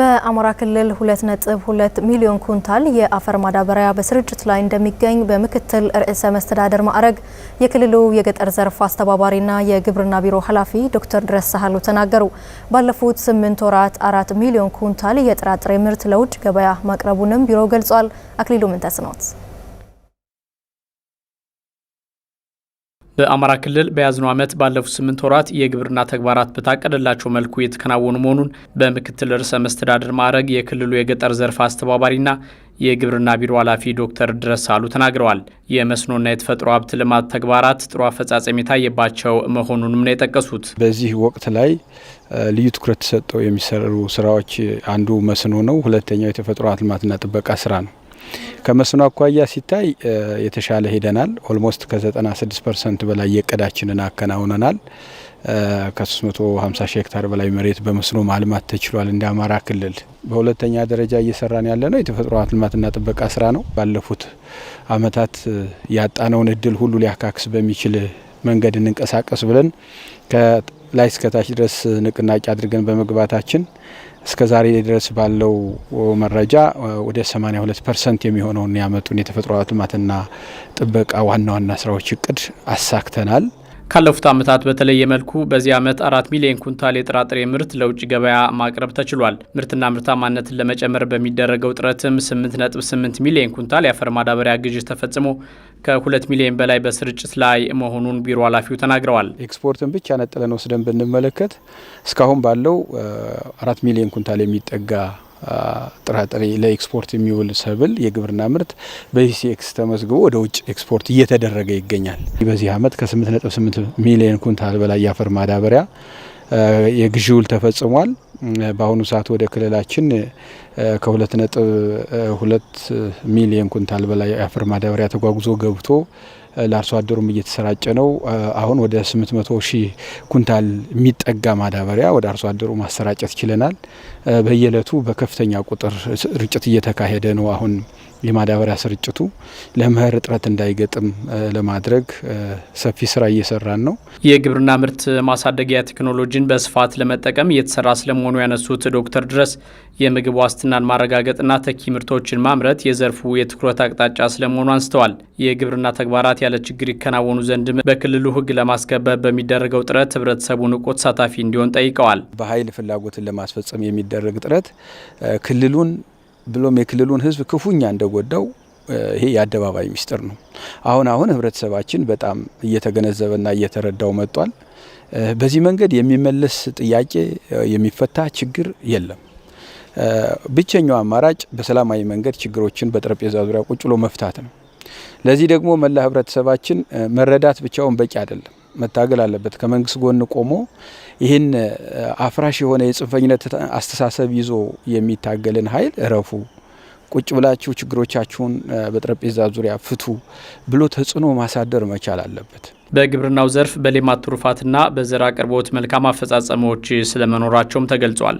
በአማራ ክልል 2.2 ሚሊዮን ኩንታል የአፈር ማዳበሪያ በስርጭት ላይ እንደሚገኝ በምክትል ርዕሰ መስተዳደር ማዕረግ የክልሉ የገጠር ዘርፍ አስተባባሪና የግብርና ቢሮ ኃላፊ ዶክተር ድረስ ሳህሉ ተናገሩ። ባለፉት 8 ወራት 4 ሚሊዮን ኩንታል የጥራጥሬ ምርት ለውጭ ገበያ ማቅረቡንም ቢሮው ገልጿል። አክሊሉ ምንተስኖት በአማራ ክልል በያዝነው ዓመት ባለፉት ስምንት ወራት የግብርና ተግባራት በታቀደላቸው መልኩ የተከናወኑ መሆኑን በምክትል ርዕሰ መስተዳድር ማዕረግ የክልሉ የገጠር ዘርፍ አስተባባሪና የግብርና ቢሮ ኃላፊ ዶክተር ድረስ ተናግረዋል። የመስኖና የተፈጥሮ ሀብት ልማት ተግባራት ጥሩ አፈጻጸም የታየባቸው መሆኑንም ነው የጠቀሱት። በዚህ ወቅት ላይ ልዩ ትኩረት ተሰጠው የሚሰሩ ስራዎች አንዱ መስኖ ነው። ሁለተኛው የተፈጥሮ ሀብት ልማትና ጥበቃ ስራ ነው። ከመስኖ አኳያ ሲታይ የተሻለ ሄደናል። ኦልሞስት ከ96 ፐርሰንት በላይ የቀዳችንን አከናውነናል። ከ350 ሺህ ሄክታር በላይ መሬት በመስኖ ማልማት ተችሏል እንደ አማራ ክልል። በሁለተኛ ደረጃ እየሰራን ያለነው የተፈጥሮ ልማትና ጥበቃ ስራ ነው። ባለፉት አመታት ያጣነውን እድል ሁሉ ሊያካክስ በሚችል መንገድ እንንቀሳቀስ ብለን ላይ እስከታች ድረስ ንቅናቄ አድርገን በመግባታችን እስከ ዛሬ ድረስ ባለው መረጃ ወደ 82 ፐርሰንት የሚሆነውን ያመጡን የተፈጥሮ ልማትና ጥበቃ ዋና ዋና ስራዎች እቅድ አሳክተናል። ካለፉት ዓመታት በተለየ መልኩ በዚህ ዓመት አራት ሚሊዮን ኩንታል የጥራጥሬ ምርት ለውጭ ገበያ ማቅረብ ተችሏል። ምርትና ምርታማነትን ለመጨመር በሚደረገው ጥረትም 8.8 ሚሊዮን ኩንታል የአፈር ማዳበሪያ ግዥ ተፈጽሞ ከ2 ሚሊዮን በላይ በስርጭት ላይ መሆኑን ቢሮ ኃላፊው ተናግረዋል። ኤክስፖርትን ብቻ ነጥለን ወስደን ብንመለከት እስካሁን ባለው አራት ሚሊዮን ኩንታል የሚጠጋ ጥራጥሬ ለኤክስፖርት የሚውል ሰብል የግብርና ምርት በኢሲኤክስ ተመዝግቦ ወደ ውጭ ኤክስፖርት እየተደረገ ይገኛል። በዚህ ዓመት ከ8.8 ሚሊዮን ኩንታል በላይ የአፈር ማዳበሪያ የግዢ ውል ተፈጽሟል። በአሁኑ ሰዓት ወደ ክልላችን ከ2.2 ሚሊዮን ኩንታል በላይ የአፈር ማዳበሪያ ተጓጉዞ ገብቶ ለአርሶ አደሩም እየተሰራጨ ነው። አሁን ወደ 800 ሺህ ኩንታል የሚጠጋ ማዳበሪያ ወደ አርሶ አደሩ ማሰራጨት ችለናል። በየዕለቱ በከፍተኛ ቁጥር ርጭት እየተካሄደ ነው አሁን የማዳበሪያ ስርጭቱ ለመኸር እጥረት እንዳይገጥም ለማድረግ ሰፊ ስራ እየሰራን ነው። የግብርና ምርት ማሳደጊያ ቴክኖሎጂን በስፋት ለመጠቀም እየተሰራ ስለመሆኑ ያነሱት ዶክተር ድረስ የምግብ ዋስትናን ማረጋገጥና ተኪ ምርቶችን ማምረት የዘርፉ የትኩረት አቅጣጫ ስለመሆኑ አንስተዋል። የግብርና ተግባራት ያለ ችግር ይከናወኑ ዘንድም በክልሉ ሕግ ለማስከበር በሚደረገው ጥረት ህብረተሰቡ ንቁ ተሳታፊ እንዲሆን ጠይቀዋል። በኃይል ፍላጎትን ለማስፈጸም የሚደረግ ጥረት ክልሉን ብሎም የክልሉን ህዝብ ክፉኛ እንደጎዳው ይሄ የአደባባይ ሚስጥር ነው። አሁን አሁን ህብረተሰባችን በጣም እየተገነዘበና እየተረዳው መጥቷል። በዚህ መንገድ የሚመለስ ጥያቄ የሚፈታ ችግር የለም። ብቸኛው አማራጭ በሰላማዊ መንገድ ችግሮችን በጠረጴዛ ዙሪያ ቁጭሎ መፍታት ነው። ለዚህ ደግሞ መላ ህብረተሰባችን መረዳት ብቻውን በቂ አይደለም። መታገል አለበት። ከመንግስት ጎን ቆሞ ይህን አፍራሽ የሆነ የጽንፈኝነት አስተሳሰብ ይዞ የሚታገልን ኃይል እረፉ፣ ቁጭ ብላችሁ ችግሮቻችሁን በጠረጴዛ ዙሪያ ፍቱ ብሎ ተጽዕኖ ማሳደር መቻል አለበት። በግብርናው ዘርፍ በሌማት ትሩፋትና በዘር አቅርቦት መልካም አፈጻጸሞች ስለመኖራቸውም ተገልጿል።